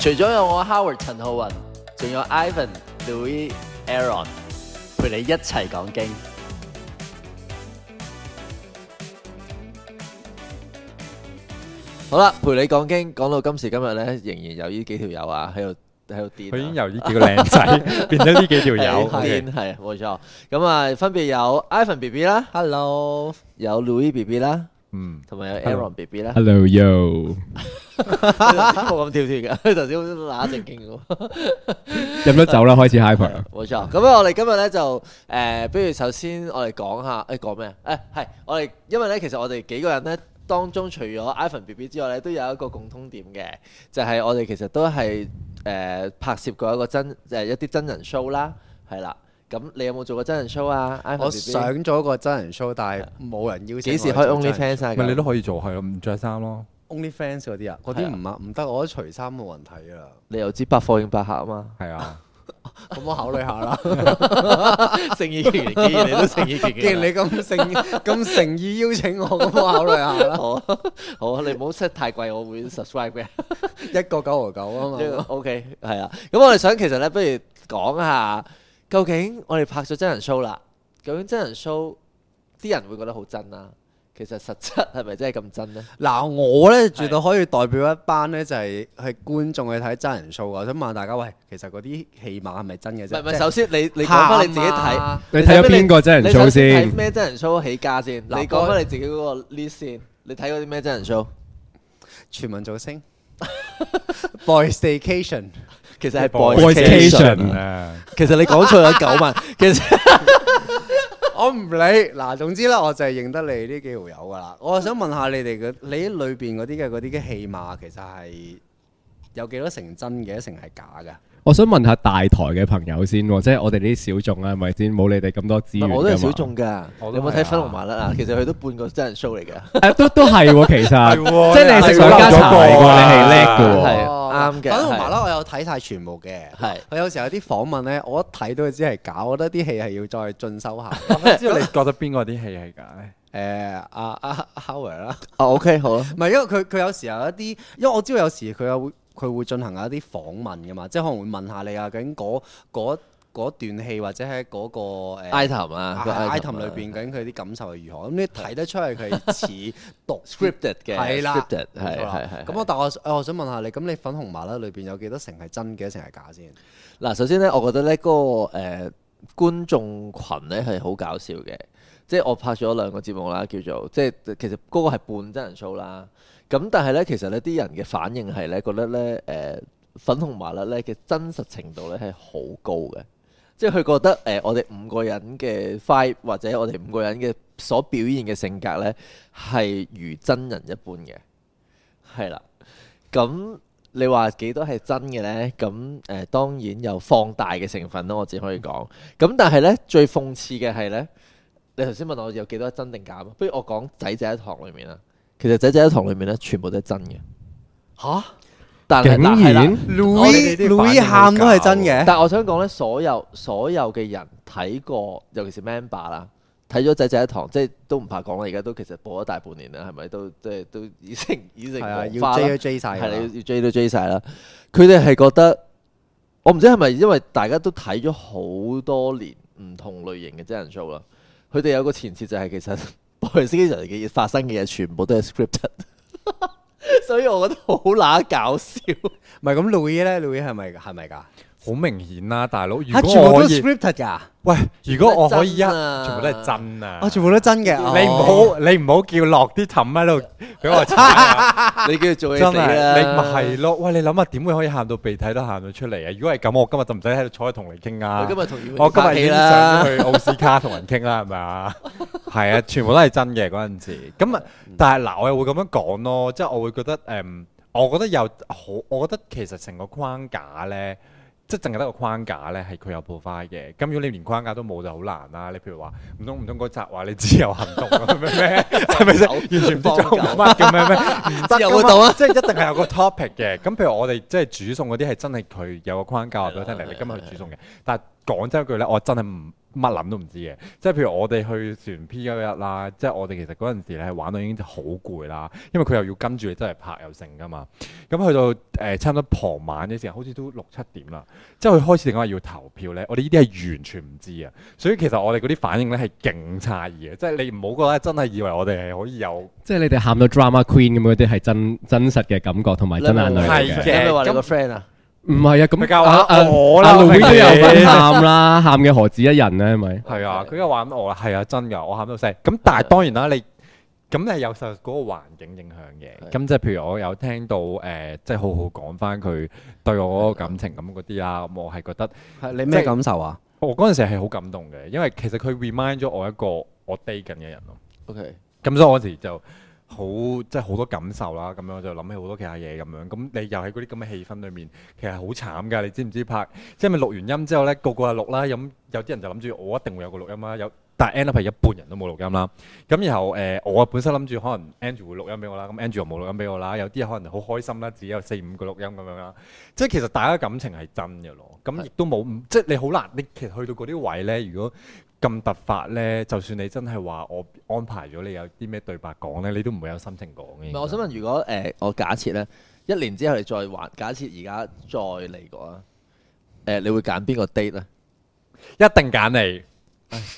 除咗有我 Howard 陳浩雲，仲有 Ivan、Louis、Aaron 陪你一齊講經。好啦，陪你講經講到今時今日咧，仍然有呢幾條友啊喺度喺度癲，佢已經由呢幾個靚仔變咗呢幾條友。係係，冇錯。咁啊，分別有 Ivan BB 啦，Hello；有 Louis BB 啦，嗯，同埋有 Aaron BB 啦，Hello Yo。冇 咁跳脫嘅，頭先乸正勁喎。飲粒酒啦， 開始 hyper 啦。冇錯，咁啊，我哋今日咧就誒，不如首先我哋講下誒，講、哎、咩？誒，係、哎、我哋，因為咧，其實我哋幾個人咧當中，除咗 Ivan BB 之外咧，都有一個共通點嘅，就係、是、我哋其實都係誒、呃、拍攝過一個真誒、呃、一啲真人 show 啦，係啦。咁你有冇做過真人 show 啊？我想咗個真人 show、啊、但係冇人邀請。幾時開 Only Fans 啊？咪你都可以做，係唔着衫咯。Only fans 嗰啲啊，嗰啲唔啊唔得，我都除衫冇人睇啊。你又知百貨應百客啊嘛，係啊，咁 我考慮下啦。 誠意，既然你都誠意，既然你咁誠咁誠意邀請我，咁我考慮下啦。 好，好，你唔好 set 太貴，我會 subscribe 一個九毫九啊嘛。 OK，係啊，咁我哋想其實咧，不如講下究竟我哋拍咗真人 show 啦，究竟真人 show 啲人，人會覺得好真啦，啊。其實實質係咪真係咁真咧？嗱，我咧絕對可以代表一班咧，就係去觀眾去睇真人 show 啊！我想問大家，喂，其實嗰啲戲碼係咪真嘅啫？唔係，首先你你講翻你自己睇，你睇咗邊個真人 show 先？咩真人 show 起家先？你講翻你自己嗰個 list 先？你睇過啲咩真人 show？全民造星，Boys Station，其實係 Boys Station 啊！其實你講錯咗九萬，其實。我唔理，嗱，總之啦，我就係認得你呢幾條友噶啦。我想問下你哋嘅，你啲裏邊嗰啲嘅啲嘅戲碼，其實係有幾多成真嘅，一成係假嘅？我想問下大台嘅朋友先，即係我哋呢啲小眾啊，係咪先？冇你哋咁多資源。我都係小眾㗎，啊、有冇睇粉紅馬啦？啊啊、其實佢都半個真人 show 嚟嘅。都都係喎，其實，即係 你食咗間茶，你係叻㗎。啊 啱嘅，同埋啦我有睇曬全部嘅，係佢的有時候有啲訪問咧，我一睇到佢只係假，我覺得啲戲係要再進修下。 知道你覺得邊個啲戲係假咧？誒阿阿 Howie 啦，哦、啊啊 啊、OK 好啦，唔係因為佢佢有時候有一啲，因為我知道有時佢有佢會,會進行一啲訪問噶嘛，即係可能會問下你啊，究竟嗰嗰。嗰段戲或者喺嗰、那個 item 啊，啊 item 裏邊，究竟佢啲感受係如何？咁你睇得出嚟佢似讀 scripted 嘅，係啦 了，係係係。咁我但我我想問下你，咁你粉紅麻甩裏邊有幾多成係真，嘅，成係假先？嗱，首先咧，我覺得咧、那、嗰個誒、呃、觀眾群咧係好搞笑嘅。即係我拍咗兩個節目啦，叫做即係其實嗰個係半真人 show 啦。咁但係咧，其實呢啲人嘅反應係咧覺得咧誒、呃呃、粉紅麻甩咧嘅真實程度咧係好高嘅。即係佢覺得誒、呃，我哋五個人嘅 vibe 或者我哋五個人嘅所表現嘅性格呢，係如真人一般嘅，係啦。咁你話幾多係真嘅呢？咁誒、呃、當然有放大嘅成分咯，我只可以講。咁但係呢，最諷刺嘅係呢，你頭先問我有幾多真定假？不如我講仔仔喺堂裏面啦。其實仔仔喺堂裏面呢，全部都係真嘅。吓？但然 Louis Louis 喊都係真嘅。但係我想講咧，所有所有嘅人睇過，尤其是 Member 啦，睇咗仔仔一堂，即係都唔怕講啦。而家都其實播咗大半年啦，係咪都即係都已經已經係啊，要追都追晒噶。係啊，要要追都追晒啦。佢哋係覺得，我唔知係咪因為大家都睇咗好多年唔同類型嘅真人 show 啦，佢哋有個前設就係，其實《我哋星期人嘅發生嘅嘢全部都係 scripted。 所以我覺得好乸搞笑，， 唔係咁，Louis 咧，Louis 係咪係咪噶？好明顯啦、啊，大佬。如果我可以，啊、喂，如果我可以一全部都係真啊！我全部都真嘅、啊。哦、你唔好 你唔好叫落啲氹喺度俾我踩、啊、 你叫佢做死真死的、啊、你咪係咯。喂，你諗下點會可以喊到鼻涕都喊到出嚟啊？如果係咁，我今日就唔使喺度坐喺同你傾啊。我今日同演我今日現場都去奧斯卡同人傾啦，係咪啊？係 啊， 啊，全部都係真嘅嗰陣時。咁啊，但係嗱，我又會咁樣講咯，即、就、係、是、我會覺得誒、嗯，我覺得有好，我覺得其實成個框架咧。即係淨係得個框架咧，係佢有破 r 嘅。咁如果你連框架都冇，就好難啦。你譬如話唔通唔通嗰集話你自由行動咁咩咩？係咪 完全唔知做乜咩咩？ 自由活動啊！即係一定係有個 topic 嘅。咁譬如我哋即係煮餸嗰啲，係 真係佢有個框架話俾我聽嚟，你今日去煮餸嘅，但。講真一句咧，我真係唔乜諗都唔知嘅。即係譬如我哋去船 P 嗰日啦，即係我哋其實嗰陣時咧玩到已經好攰啦，因為佢又要跟住你真係拍又成噶嘛。咁去到誒差唔多傍晚嘅時候，好似都六七點啦。即係佢開始講話要投票咧，我哋呢啲係完全唔知啊。所以其實我哋嗰啲反應咧係勁差異嘅，即係你唔好覺得真係以為我哋係可以有。即係你哋喊到 drama queen 咁嗰啲係真真實嘅感覺同埋真眼淚。係嘅，個 friend 啊？唔係啊，咁咪教下我啦，會唔會又喊啦？喊嘅 何止一人咧，係咪？係啊，佢一玩到我啦，係啊，真噶，我喊到聲。咁但係當然啦，的你咁咧係有受嗰個環境影響嘅。咁即係譬如我有聽到誒、呃，即係好好講翻佢對我嗰個感情咁嗰啲啊，咁的我係覺得係的你咩感受啊？我嗰陣時係好感動嘅，因為其實佢 remind 咗我一個我 day 緊嘅人咯。OK，咁所以我嗰時就。好即係好多感受啦，咁樣就諗起好多其他嘢咁樣。咁你又喺嗰啲咁嘅氣氛裏面，其實好慘㗎。你知唔知拍？即係咪錄完音之後呢，個個係錄啦。咁有啲人就諗住我一定會有個錄音啦。有，但係 end up 係一半人都冇錄音啦。咁然後誒、呃，我本身諗住可能 Andrew 會錄音俾我啦。咁 Andrew 冇錄音俾我啦。有啲人可能好開心啦，只有四五個錄音咁樣啦。即係其實大家感情係真嘅咯。咁亦都冇，係即係你好難。你其實去到嗰啲位呢，如果咁突發咧，就算你真係話我安排咗你有啲咩對白講咧，你都唔會有心情講嘅。唔係，我想問，如果誒、呃、我假設咧一年之後你再玩，假設而家再嚟過啦，誒、呃，你會揀邊個 date 咧？一定揀你。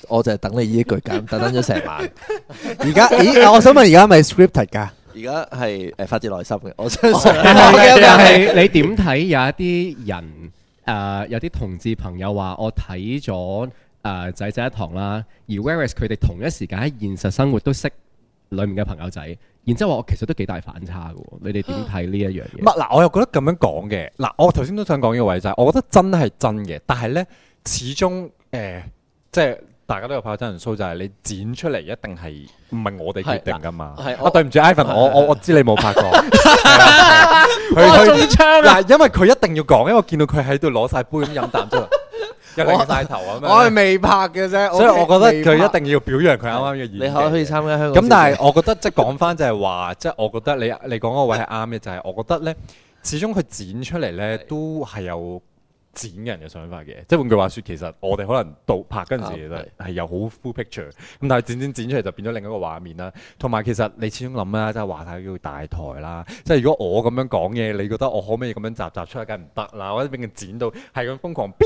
我就係等你呢一句揀，等咗成晚。而家 咦？我想問，而家係咪 scripted 㗎？而家係誒發自內心嘅。我想問， 係你點睇有一啲人誒、呃？有啲同志朋友話，我睇咗。誒仔仔一堂啦，而 Whereas 佢哋同一時間喺現實生活都識裡面嘅朋友仔，然之後話我其實都幾大反差嘅喎，你哋點睇呢一樣嘢？嗱、啊，我又覺得咁樣講嘅嗱，我頭先都想講呢個位就係，我覺得真係真嘅，但係呢，始終誒、呃，即係大家都有拍真人 show，就係、是、你剪出嚟一定係唔係我哋決定㗎嘛？啊、我、啊、對唔住 Ivan，我我我知你冇拍過，佢佢， 因為佢一定要講，因為我見到佢喺度攞晒杯咁飲啖出嚟。 我帶頭啊！我係未拍嘅啫，okay，所以我覺得佢一定要表揚佢啱啱嘅意見。你可以參加香港。咁但係我覺得即係講翻就係話，即係 我覺得你 你講嗰位係啱嘅，就係、是、我覺得咧，始終佢剪出嚟咧都係有。剪人嘅想法嘅，即係換句話説，其實我哋可能到拍嗰陣時都係係有好 full picture，咁但係剪剪剪出嚟就變咗另一個畫面啦。同埋其實你始終諗啦，即係話係叫大台啦，即係如果我咁樣講嘢，你覺得我可唔可以咁樣集集出嚟？梗係唔得啦，或者畀佢剪到係咁瘋狂，咇咇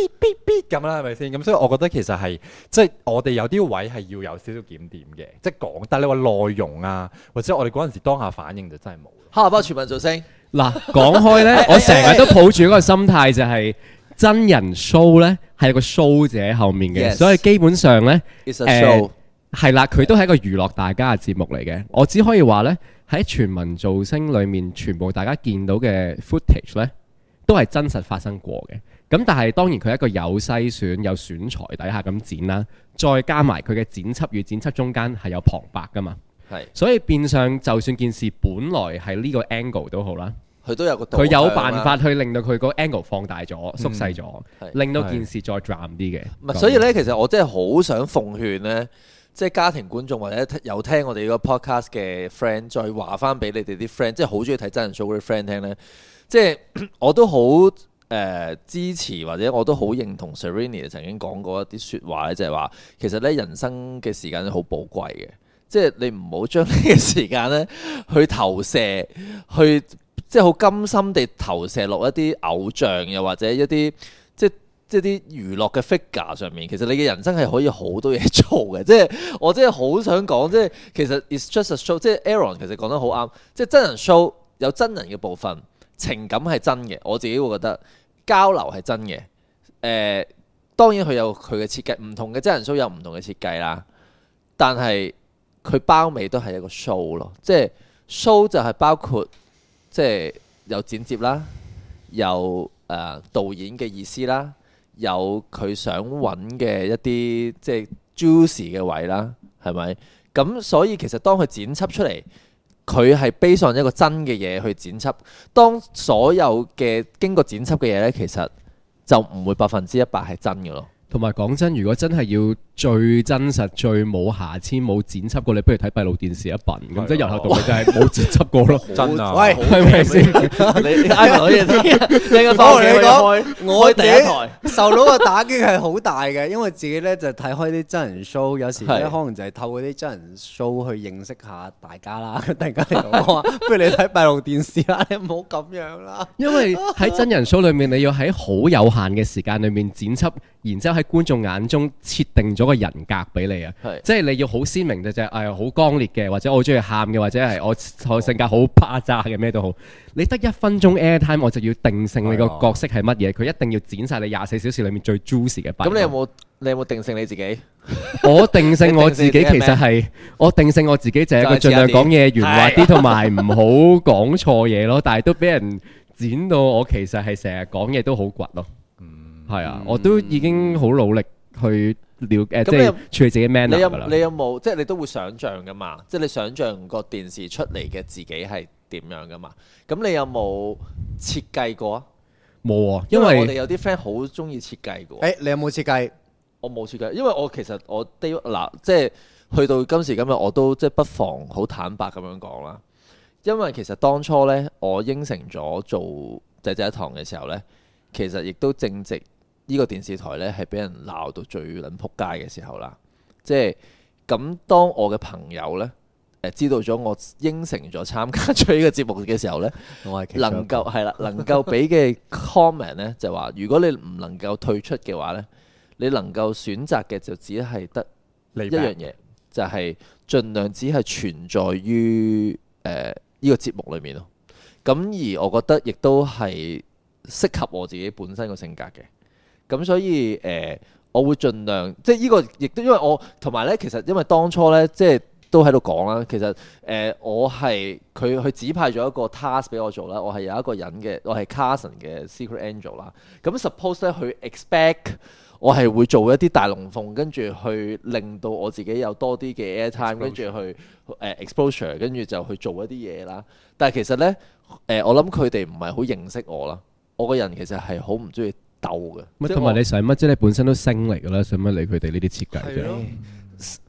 咇咁啦，係咪先？咁所以我覺得其實係即係我哋有啲位係要有少少檢點嘅，即係講。但係你話內容啊，或者我哋嗰陣時當下反應就真係冇。哈！幫全民造星。嗱， 講開咧，我成日都抱住嗰個心態就係、是。真人 show 咧係個 show 字喺後面嘅，yes，所以基本上咧，係、呃、啦，佢都係一個娛樂大家嘅節目嚟嘅。我只可以話咧，喺全民造星裡面，全部大家見到嘅 footage 咧，都係真實發生過嘅。咁但係當然佢係一個有篩選、有選材底下咁剪啦，再加埋佢嘅剪輯與剪輯中間係有旁白㗎嘛，係。Yes. 所以變相就算件事本來係呢個 angle 都好啦。佢都有個，佢有辦法去令到佢個 angle 放大咗、嗯、縮細咗，令到件事再 drama 啲嘅。是所以咧，其實我真係好想奉勸呢，即、就、係、是、家庭觀眾或者有聽我哋個 podcast 嘅 friend 再話翻俾你哋啲 friend，即係好中意睇真人 show 啲 friend 聽呢。即、就、係、是、我都好誒、呃、支持，或者我都好認同 Serrini 曾經講過一啲説話咧，就係、是、話其實呢，人生嘅時間好寶貴嘅，即、就、係、是、你唔好將呢個時間呢去投射去。即係好甘心地投射落一啲偶像，又或者一啲即係即係啲娛樂嘅 figure 上面。其實你嘅人生係可以好多嘢做嘅。即係我真係好想講，即係其實 is just a show 即 a aron。即係 Aaron 其實講得好啱，即係真人 show 有真人嘅部分，情感係真嘅。我自己會覺得交流係真嘅。誒、呃，當然佢有佢嘅設計，唔同嘅真人 show 有唔同嘅設計啦。但係佢包尾都係一個 show 咯，即係 show 就係包括。即係有剪接啦，有誒、呃、導演嘅意思啦，有佢想揾嘅一啲即係 juicy 嘅位啦，係咪？咁所以其實當佢剪輯出嚟，佢係 base 上一個真嘅嘢去剪輯。當所有嘅經過剪輯嘅嘢呢，其實就唔會百分之一百係真嘅咯。同埋講真，如果真係要最真實、最冇瑕疵、冇剪輯過，你不如睇閉路電視一份。咁，即係入下毒嘅就係冇剪輯過咯，真啊！喂，係咪先？你啱啱睇嘢，你應該把眼鏡開開。我第一台受到嘅打擊係好大嘅，因為自己咧就睇開啲真人 show，有時咧可能就係透過啲真人 show 去認識下大家啦。大家，不如你睇閉路電視啦，你唔好咁樣啦。因為喺真人 show 裏面，你要喺好有限嘅時間裏面剪輯。然之後喺觀眾眼中設定咗個人格俾你啊，是即係你要好鮮明嘅，就係好剛烈嘅，或者我好中意喊嘅，或者係我性格好巴喳嘅，咩都好。你得一分鐘 air time，我就要定性你個角色係乜嘢，佢、啊、一定要剪晒你廿四小時裏面最 juicy 嘅。咁你有冇你有冇定性你自己？我定性我 自己其實係 我定性我自己就係一個盡量講嘢圓滑啲，同埋唔好講錯嘢咯。但係都俾人剪到，我其實係成日講嘢都好倔咯。係啊，我都已經好努力去了，誒、呃，即係處理自己 man 你有，有你有冇即係你都會想像噶嘛？即、就、係、是、你想像個電視出嚟嘅自己係點樣噶嘛？咁你有冇設計過啊？冇啊，因為我哋有啲 friend 好鍾意設計嘅。誒、欸，你有冇設計？我冇設計，因為我其實我嗱，即係、就是、去到今時今日，我都即係、就是、不妨好坦白咁樣講啦。因為其實當初咧，我應承咗做仔仔一堂嘅時候咧，其實亦都正值。呢個電視台呢，係俾人鬧到最撚仆街嘅時候啦，即係咁。當我嘅朋友呢，呃、知道咗我應承咗參加咗呢個節目嘅時候呢，能夠係啦，能夠俾嘅 comment 呢，就話：如果你唔能夠退出嘅話呢，你能夠選擇嘅就只係得一樣嘢，就係、是、盡量只係存在於呢、呃呢個節目裏面咯。咁而我覺得亦都係適合我自己本身個性格嘅。咁、嗯、所以誒、呃、我會盡量，即係呢個亦都因為我同埋咧，其實因為當初咧，即係都喺度講啦。其實誒、呃、我係佢佢指派咗一個 task 俾我做啦。我係有一個人嘅，我係 Carson 嘅 secret angel 啦。咁 suppose 咧，佢 expect 我係會做一啲大龍鳳，跟住去令到我自己有多啲嘅 air time，Exposure 跟住去誒、呃、exposure，跟住就去做一啲嘢啦。但係其實咧，誒、呃、我諗佢哋唔係好認識我啦。我個人其實係好唔中意。鬥嘅，咁同埋你想乜？即係你本身都星嚟噶啦，想乜理佢哋呢啲設計嘅？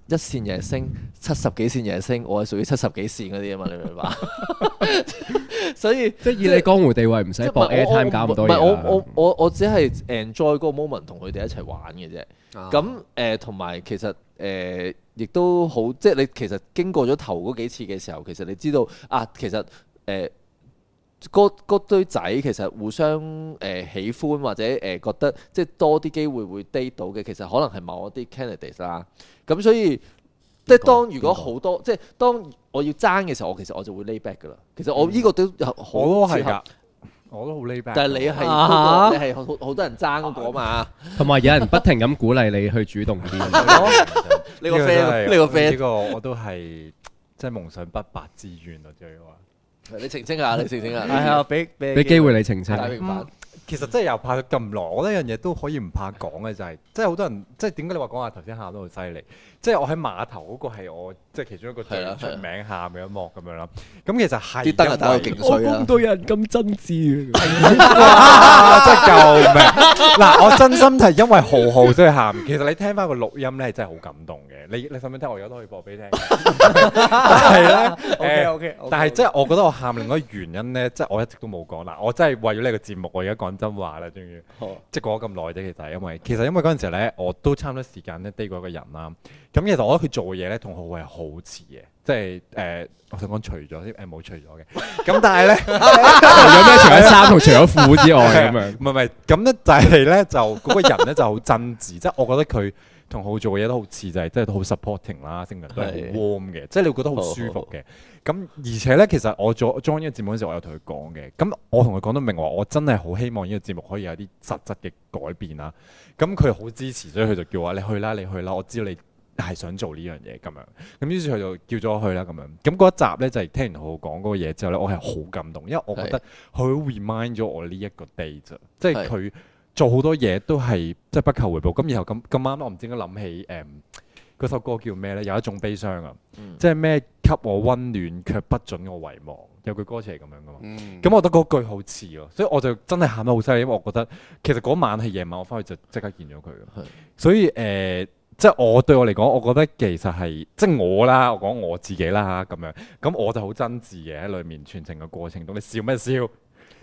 一線嘢星、七十幾線嘢星，我係屬於七十幾線嗰啲啊嘛，你明白？所以即係以你江湖地位唔使搏 airtime 搞咁多嘢。唔係，我我我我只係 enjoy 個 moment 同佢哋一齊玩嘅啫。咁誒同埋其實誒亦都好，即係你其實經過咗頭嗰幾次嘅時候，其實你知道啊，其實誒。嗰堆仔其實互相誒喜歡或者誒覺得即係多啲機會會 date 到嘅，其實可能係某一啲 candidates 啦。咁所以即係過過當如果好多即係，就是，當我要爭嘅時候，我 material, 其實我就會 lay back 噶啦。其實我呢個都好，hors er, 我都係我都好 lay back。但係 eu f. 你係你係好多人爭嗰個嘛？同埋有人不停咁鼓勵你去主動啲。呢個 friend 呢個 friend 呢個我都係即係夢想不白之願啊！最～你澄清下，你澄清下，係啊， 俾俾俾機會你澄清。嗯、其實真係又怕佢咁耐呢樣嘢都可以唔怕講嘅，就係真係好多人，即係點解你話講下頭先喊得好犀利？即係我喺碼頭嗰個係我。即係其中一個最出名喊嘅一幕咁樣啦。咁其實係啲燈又打得勁衰對人咁真摯，真係救命嗱！我真心就係因為豪豪先去喊。其實你聽翻個錄音咧，係真係好感動嘅。你你使唔使聽？我而家都可以播俾你聽。係啦。O K O K。但係即係我覺得我喊另一個原因咧，即係我一直都冇講嗱。我真係為咗呢個節目，我而家講真話啦，終於即係講咗咁耐啫。其實係因為其實因為嗰陣時咧，我都差唔多時間咧低過一個人啦。咁其實我覺得佢做嘢咧，同浩偉係好似嘅，即係誒、呃，我想講、欸、 除咗誒冇除咗嘅，咁但係咧，除咗咩？除咗衫同除咗褲之外，咁樣唔係唔係，咁咧但係咧，就嗰個人咧就好真摯， 即係我覺得佢同浩做嘢都好似，就係、是、的即係都好 supporting 啦，性格都係好 warm 嘅，即係你會覺得好舒服嘅。咁而且咧，其實我做 join 呢個節目嗰陣時，我有同佢講嘅。咁我同佢講得明話，我真係好希望呢個節目可以有啲實質嘅改變啦。咁佢好支持，所以佢就叫我你去啦，你去啦，我知道你。係想做呢樣嘢咁樣，咁於是佢就叫咗我去啦咁樣。咁嗰一集呢，就係、是、聽完佢講嗰個嘢之後呢，我係好感動，因為我覺得佢 remind 咗我呢一個 day 啫是，即係佢做好多嘢都係即係不求回報。咁然後咁咁啱，我唔知點解諗起誒嗰首歌叫咩呢？有一種悲傷啊，嗯、即係咩給我溫暖卻不准我遺忘，有句歌詞係咁樣噶嘛。咁、嗯、我覺得嗰句好似喎，所以我就真係喊得好犀利，因為我覺得其實嗰晚係夜晚，我翻去就即刻見咗佢。是所以誒。呃即係我對我嚟講，我覺得其實係即係我啦，我講我自己啦咁樣，咁我就好真摯嘅喺裏面全程嘅過程中，你笑咩笑？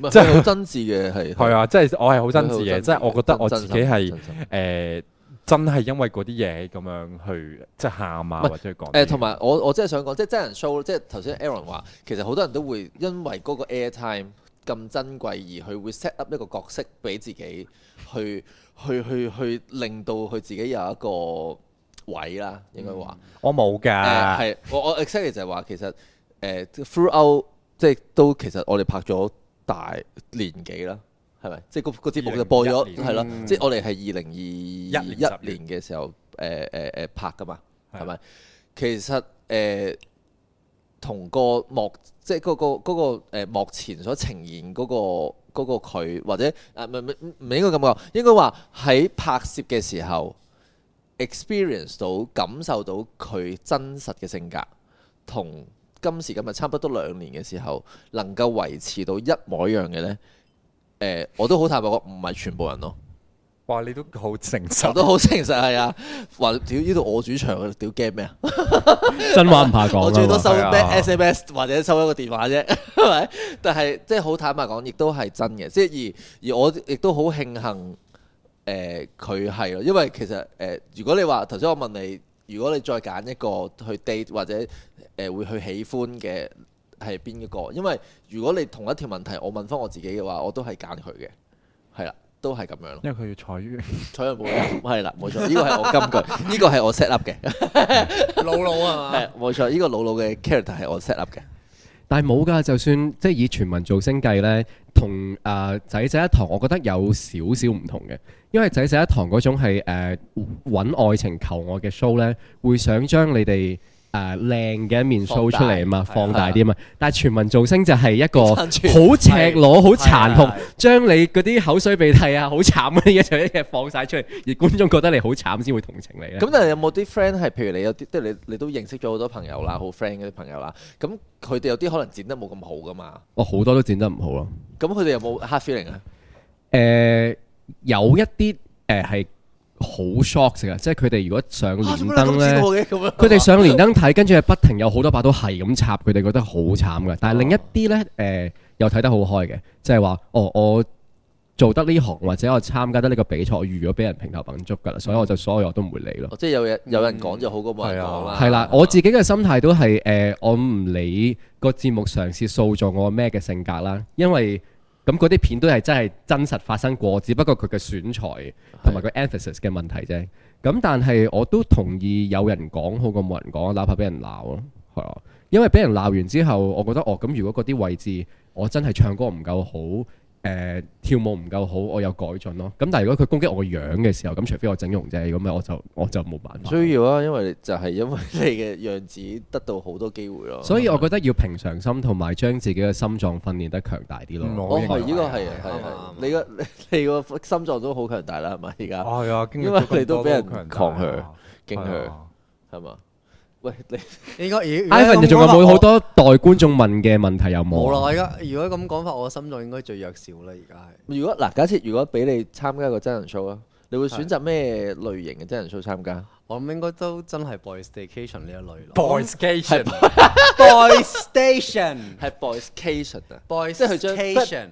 即係好真摯嘅係。係 啊，即係我係好真摯嘅，摯即係我覺得我自己係誒、呃，真係因為嗰啲嘢，咁樣去即係喊啊，是或者講誒，同埋我我真係想講，即、就、係、是、真人 show，即係頭先 Aaron 話，其實好多人都會因為嗰個 airtime。咁珍貴，而佢會 set up 一個角色俾自己去，去去去去，令到佢自己有一個位啦，應該話。我冇㗎，係我我 exactly 就係話，其實，呃 throughout 即係都其實我哋拍咗大年幾啦，係咪？即係個個節目就播咗係咯。即係年、就是、我哋係二零二一年嘅時候誒誒誒拍㗎嘛，係咪？的其實誒。呃同個幕，即係、嗰、嗰個嗰、嗰個誒幕前所呈現嗰、嗰個嗰、嗰個佢，或者誒唔唔唔應該咁講，應該話喺拍攝嘅時候 experience 到感受到佢真實嘅性格，同今時今日差不多兩年嘅時候能夠維持到一模一樣嘅呢？誒、呃、我都好坦白講，唔係全部人咯。話你都好誠 實，都好誠實係啊！話屌呢度我主場啊，屌驚咩啊？真話唔怕講。我最多收 S M S 或者收一個電話啫，係咪？但係即係好坦白講，亦都係真嘅。即係而而我亦都好慶幸誒，佢係咯，因為其實誒、呃，如果你話頭先我問你，如果你再揀一個去 date 或者誒、呃、會去喜歡嘅係邊一個？因為如果你同一條問題我問翻我自己嘅話，我都係揀佢嘅，係啦。都係咁樣咯，因為佢要彩于彩人部。係啦， 冇錯，呢、這個係我金句，呢個係我 set up 嘅老老啊嘛，冇錯， 呢、這個老老嘅 character 係我 set up 嘅。但係冇噶，就算即係以全民造星計咧，同誒、呃、仔仔一堂，我覺得有少少唔同嘅，因為仔仔一堂嗰種係誒搵愛情求愛嘅 show 咧，會想將你哋。誒，靚嘅啊，一面 show 大出嚟啊嘛，放大啲啊嘛，的但係全民造星就係一個好赤裸、好殘的酷，將你嗰啲口水鼻涕啊，好慘嗰啲嘢一齊一齊放晒出嚟，而觀眾覺得你好慘先會同情你啊！咁、嗯、但係有冇啲 friend 係，譬如你有啲，即係你你都認識咗好多朋友啦，好 friend 嗰啲朋友啦，咁佢哋有啲可能剪得冇咁好噶嘛？哦，好多都剪得唔好咯。咁佢哋有冇 hard feeling 啊？誒，有一啲誒係。呃好 shock 啊！即係佢哋如果上連登、啊、呢，佢哋上連登睇，跟住係不停有好多把刀係咁插，佢哋覺得好慘嘅。但係另一啲呢，誒、呃、又睇得好開嘅，即係話哦，我做得呢行或者我參加得呢個比賽，我預咗俾人評頭品足噶啦，所以我就所有我都唔會理咯、哦。即係有嘢有人講就好過冇、嗯、人講啦。係啦、啊，吧我自己嘅心態都係誒、呃，我唔理個節目嘗試塑造我咩嘅性格啦，因為。咁嗰啲片都係真係真實發生過，只不過佢嘅選材同埋佢 emphasis 嘅問題啫。咁是的 但係我都同意有人講好過冇人講，哪怕俾人鬧咯，係啊。因為俾人鬧完之後，我覺得哦，咁如果嗰啲位置我真係唱歌唔夠好。誒、呃、跳舞唔夠好，我有改進咯。咁但係如果佢攻擊我個樣嘅時候，咁除非我整容啫，咁咪我就我就冇辦法。需要啊，因為就係因為你嘅樣子得到好多機會咯。所以我覺得要平常心同埋將自己嘅心臟訓練得強大啲咯。我係呢個係啊，你個你個心臟都好強大啦，係咪而家？係啊，因為你都俾人抗血驚佢。係嘛吧？喂，你應該，Ivan 又仲有冇好多代觀眾問嘅問題有冇？無奈㗎，如果咁講法，我心中應該最弱少啦。而家係，如果嗱，假設如果俾你參加個真人 show 啊，你會選擇咩類型嘅真人 show 參加？我諗應該都真係 Boys Station 呢一類咯。Boys Station，Boys Station，係 Boys Station 啊。Boys Station，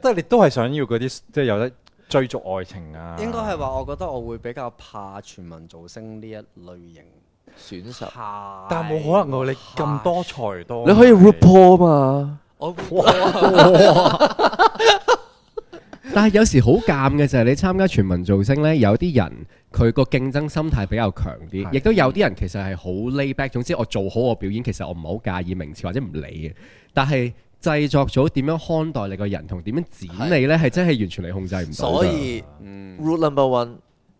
即係你都係想要嗰啲，即係有得追逐愛情啊？應該係話，我覺得我會比較怕全民造星呢一類型。選手，的但冇可能我你咁多才多，的你可以 rapper 嘛？我 但係有時好尷嘅就係、是、你參加全民造星呢。有啲人佢個競爭心態比較強啲，亦的都有啲人其實係好 laid back。總之我做好我表演，其實我唔係好介意名次或者唔理嘅。但係製作組點樣看待你個人同點樣剪你呢？係真係完全你控制唔到所以 rule number one，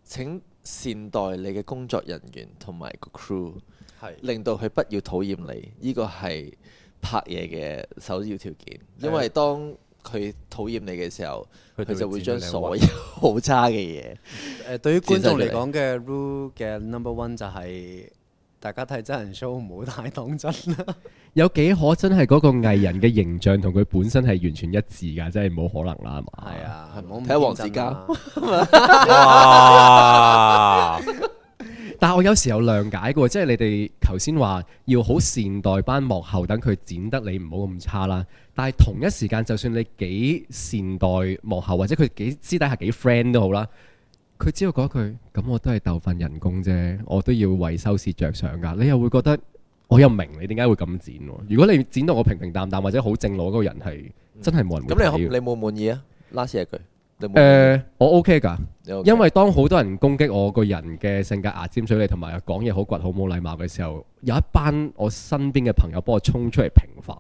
請。善待你嘅工作人員同埋個 crew，的令到佢不要討厭你，呢個係拍嘢嘅首要條件。的因為當佢討厭你嘅時候，佢就會將所有好差嘅嘢。誒、呃，對於觀眾嚟講嘅 rule 嘅 number one 就係、是。大家睇真人 show 唔好太當真啦。有幾可真係嗰個藝人嘅形象同佢本身係完全一致㗎，真係冇可能啦，係嘛？係啊，睇下黃子嘉。但係我有時有諒解嘅，即係你哋頭先話要好善待班幕後，等佢剪得你唔好咁差啦。但係同一時間，就算你幾善待幕後，或者佢幾私底下幾 friend 都好啦。佢只有講一句，咁我都係鬥份人工啫，我都要為收視着想噶。你又會覺得，我又明你點解會咁剪喎，啊？如果你剪到我平平淡淡或者好正路嗰個人，係、嗯、真係冇人睇咁你你滿唔滿意啊？last 一句，呃、我 OK 噶！OK 因為當好多人攻擊我個人嘅性格牙尖嘴利，同埋講嘢好倔、好冇禮貌嘅時候，有一班我身邊嘅朋友幫我衝出嚟平反，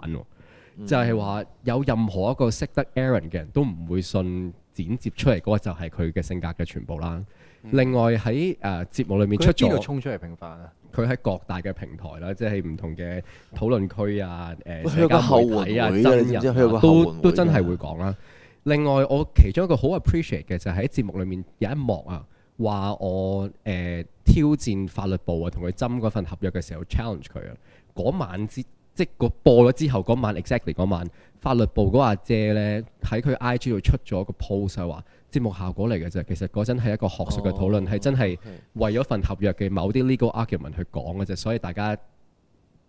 嗯、就係話有任何一個識得 Aaron 嘅人都唔會信。剪接出嚟嗰個就係佢嘅性格嘅全部啦。另外喺誒、呃、節目裏面出，出邊度衝出嚟評判啊？佢喺各大嘅平台啦，即係唔同嘅討論區啊，誒、呃、社交媒體啊，真人都都真係會講啦。另外，我其中一個好 appreciate 嘅就係喺節目裏面有一幕啊，話我誒、呃、挑戰法律部啊，同佢斟嗰份合約嘅時候、嗯、challenge 佢啊，嗰晚之。即係個播咗之後嗰晚，exactly 嗰晚，法律部嗰阿姐呢，喺佢 IG 度出咗個 post 係話，節目效果嚟嘅啫。其實嗰陣係一個學術嘅討論，係、哦、真係為咗份合約嘅某啲 legal argument 去講嘅啫。所以大家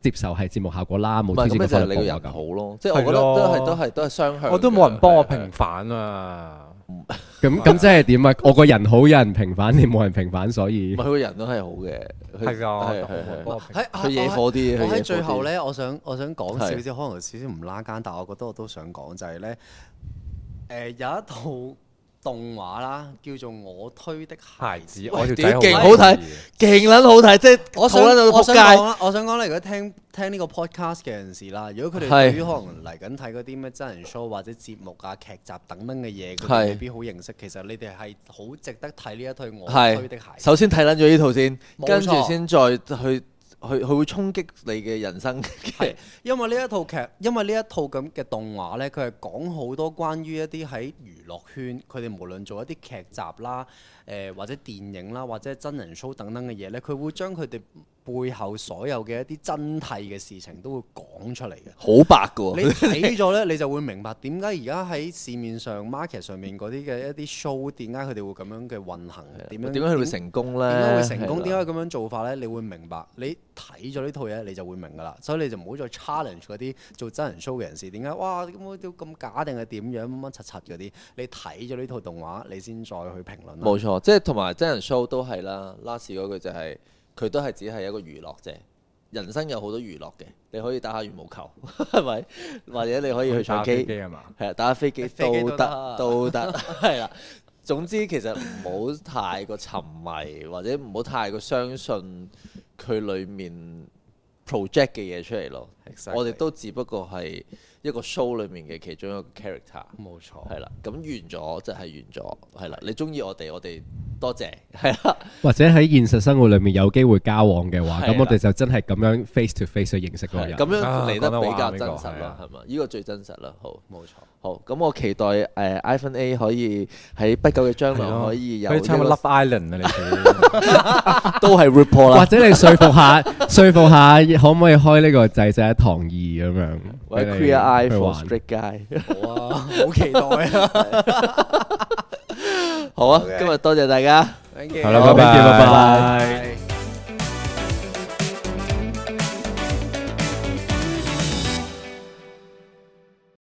接受係節目效果啦，冇。唔係咩就係理由好咯，即係我覺得都係咯都係都係雙向。我都冇人幫我平反啊。 咁咁即係點啊？我個人好有人平反，你冇人平反，所以。佢個人都係好嘅，係啊，係係係。喺佢惹火啲喺最後咧，我想我想講少少，可能有少少唔拉更，但係我覺得我都想講就係咧，誒有一套。動畫啦，叫做我推的孩子，我條仔勁好睇，勁撚好睇，即係想撚到扑街。我想講咧，如果聽聽呢個 podcast 嘅人士啦，如果佢哋對於可能嚟緊睇嗰啲咩真人 show 或者節目啊劇集等等嘅嘢，佢未必好認識。其實你哋係好值得睇呢一套我推的孩子。首先睇捻咗呢套先，跟住先再去。佢佢會衝擊你嘅人生，係因為呢一套劇，因為呢一套咁嘅動畫呢，佢係講好多關於一啲喺娛樂圈，佢哋無論做一啲劇集啦、呃，或者電影啦，或者真人 show 等等嘅嘢，呢佢會將佢哋，背後所有嘅一啲真替嘅事情都會講出嚟嘅，好白噶！你睇咗呢，你就會明白點解而家喺市面上 market 上面嗰啲嘅一啲 show，點解佢哋會咁樣嘅運行嘅？點樣點解佢會成功呢？點解會成功？點解咁樣做法呢？你會明白，你睇咗呢套嘢，你就會明噶啦。所以你就唔好再 challenge 嗰啲做真人 show 嘅人士。點解哇？咁我都咁假定係點樣乜乜柒柒嗰啲？你睇咗呢套動畫，你先再去評論。冇錯，即係同埋真人 show 都係啦。Last 嗰句就係，是。佢都係只係一個娛樂啫，人生有好多娛樂嘅，你可以打下羽毛球，係咪？或者你可以去唱 K，係啊，打下飛,飛機都得，都得，係啦。 總之其實唔好太過沉迷，或者唔好太過相信佢裡面 project 嘅嘢出嚟咯。Exactly. 我哋都只不過係一個 show 裡面嘅其中一個 character，冇錯，係啦。咁完咗就係完咗，係啦。你中意我哋，我哋。多謝，係啦。或者喺現實生活裏面有機會交往嘅話，咁我哋就真係咁樣 face to face 去認識個人，咁樣嚟得比較真實啦，係嘛？呢個最真實啦。好，冇錯。好，咁我期待誒 Ivan A 可以喺不久嘅將來可以有參加 Love Island 啊，你都係 report，或者你說服下、說服下可唔可以開呢個制式一堂二咁樣 c r Ivan i 哇，好期待啊！好啊，Okay. 今日多謝大家，Thank you. 好啦，拜拜，拜拜。